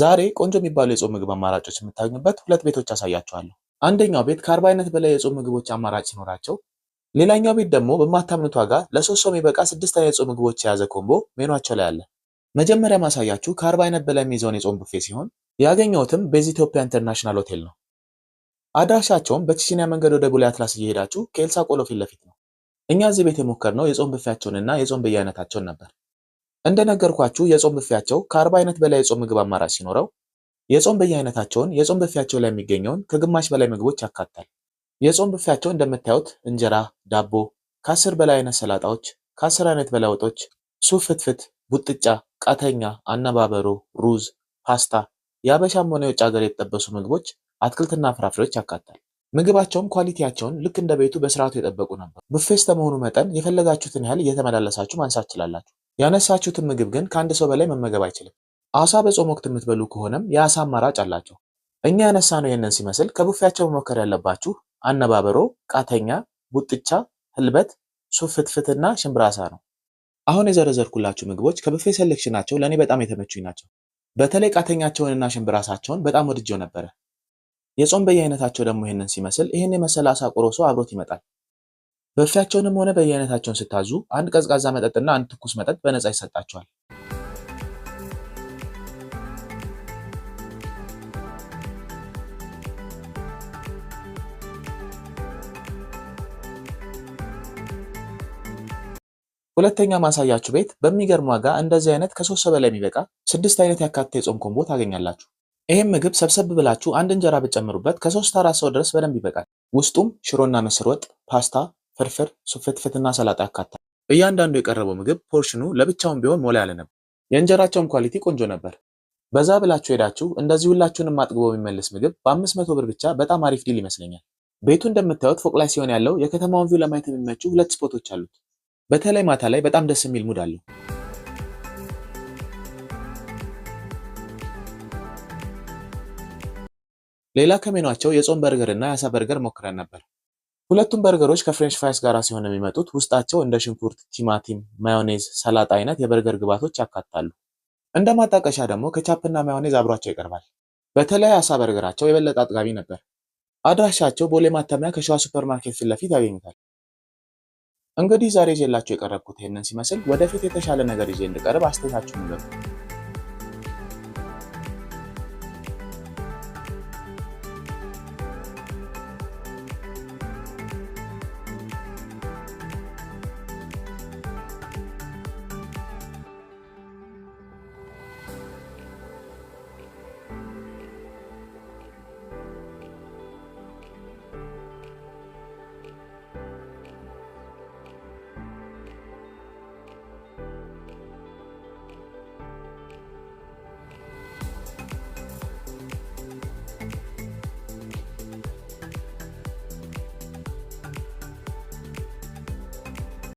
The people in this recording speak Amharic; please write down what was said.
ዛሬ ቆንጆ የሚባሉ የጾም ምግብ አማራጮች የምታገኙበት ሁለት ቤቶች አሳያችኋለሁ። አንደኛው ቤት ከአርባ አይነት በላይ የጾም ምግቦች አማራጭ ሲኖራቸው፣ ሌላኛው ቤት ደግሞ በማታምኑት ዋጋ ለሶስት ሰው የሚበቃ ስድስት አይነት የጾም ምግቦች የያዘ ኮምቦ ሜኗቸው ላይ አለ። መጀመሪያ ማሳያችሁ ከአርባ አይነት በላይ የሚይዘውን የጾም ቡፌ ሲሆን ያገኘሁትም ቤዝ ኢትዮጵያ ኢንተርናሽናል ሆቴል ነው። አድራሻቸውም በቺሲኒያ መንገድ ወደ ቡሌ አትላስ እየሄዳችሁ ከኤልሳ ቆሎ ፊት ለፊት ነው። እኛ እዚህ ቤት የሞከርነው የጾም ቡፌያቸውንና የጾም በየአይነታቸውን ነበር። እንደነገርኳችሁ የጾም ብፌያቸው ከአርባ አይነት በላይ የጾም ምግብ አማራጭ ሲኖረው የጾም በየአይነታቸውን የጾም ብፌያቸው ላይ የሚገኘውን ከግማሽ በላይ ምግቦች ያካትታል። የጾም ብፌያቸው እንደምታዩት እንጀራ፣ ዳቦ፣ ከአስር በላይ አይነት ሰላጣዎች፣ ከአስር አይነት በላይ ወጦች፣ ሱፍ ፍትፍት፣ ቡጥጫ፣ ቃተኛ፣ አነባበሮ፣ ሩዝ፣ ፓስታ፣ የአበሻም ሆነ የውጭ ሀገር የተጠበሱ ምግቦች፣ አትክልትና ፍራፍሬዎች ያካትታል። ምግባቸውም ኳሊቲያቸውን ልክ እንደ ቤቱ በስርዓቱ የጠበቁ ነበር። ብፌ ስለመሆኑ መጠን የፈለጋችሁትን ያህል እየተመላለሳችሁ ማንሳት ትችላላችሁ። ያነሳችሁትን ምግብ ግን ከአንድ ሰው በላይ መመገብ አይችልም። አሳ በጾም ወቅት የምትበሉ ከሆነም የአሳ አማራጭ አላቸው። እኛ ያነሳነው ይህንን ሲመስል ከቡፌያቸው መሞከር ያለባችሁ አነባበሮ፣ ቃተኛ፣ ቡጥቻ፣ ህልበት፣ ሱፍትፍትና ሽምብራ አሳ ነው። አሁን የዘረዘርኩላችሁ ምግቦች ከቡፌ ሴሌክሽናቸው ለእኔ በጣም የተመቹኝ ናቸው። በተለይ ቃተኛቸውንና ሽምብራ አሳቸውን በጣም ወድጀው ነበረ። የጾም በየአይነታቸው ደግሞ ይህንን ሲመስል ይህን የመሰለ አሳ ቆሮሶ አብሮት ይመጣል። በፊያቸውንም ሆነ በየአይነታቸውን ስታዙ አንድ ቀዝቃዛ መጠጥና አንድ ትኩስ መጠጥ በነፃ ይሰጣቸዋል። ሁለተኛ ማሳያችሁ ቤት በሚገርም ዋጋ እንደዚህ አይነት ከሶስት በላይ የሚበቃ ስድስት አይነት ያካተተ የጾም ኮምቦ ታገኛላችሁ። ይህም ምግብ ሰብሰብ ብላችሁ አንድ እንጀራ ብትጨምሩበት ከሶስት አራት ሰው ድረስ በደንብ ይበቃል። ውስጡም ሽሮና ምስር ወጥ፣ ፓስታ፣ ፍርፍር፣ ሱፍትፍትና ሰላጣ ያካታል። እያንዳንዱ የቀረበው ምግብ ፖርሽኑ ለብቻውን ቢሆን ሞላ ያለ ነበር። የእንጀራቸውም ኳሊቲ ቆንጆ ነበር። በዛ ብላችሁ ሄዳችሁ እንደዚህ ሁላችሁንም አጥግቦ የሚመልስ ምግብ በአምስት መቶ ብር ብቻ በጣም አሪፍ ዲል ይመስለኛል። ቤቱ እንደምታዩት ፎቅ ላይ ሲሆን ያለው የከተማውን ቪው ለማየት የሚመቹ ሁለት ስፖቶች አሉት። በተለይ ማታ ላይ በጣም ደስ የሚል ሙድ አለው። ሌላ ከሜኗቸው የጾም በርገር እና የአሳ በርገር ሞክረን ነበር። ሁለቱም በርገሮች ከፍሬንች ፍራይስ ጋር ሲሆን የሚመጡት ውስጣቸው እንደ ሽንኩርት፣ ቲማቲም፣ ማዮኔዝ፣ ሰላጣ አይነት የበርገር ግብዓቶች ያካትታሉ። እንደ ማጣቀሻ ደግሞ ከቻፕና ማዮኔዝ አብሯቸው ይቀርባል። በተለይ አሳ በርገራቸው የበለጠ አጥጋቢ ነበር። አድራሻቸው ቦሌ ማተሚያ ከሸዋ ሱፐርማርኬት ፊት ለፊት ያገኙታል። እንግዲህ ዛሬ ይዤላችሁ የቀረብኩት ይህንን ሲመስል፣ ወደፊት የተሻለ ነገር ይዤ እንድቀርብ አስተያየታችሁን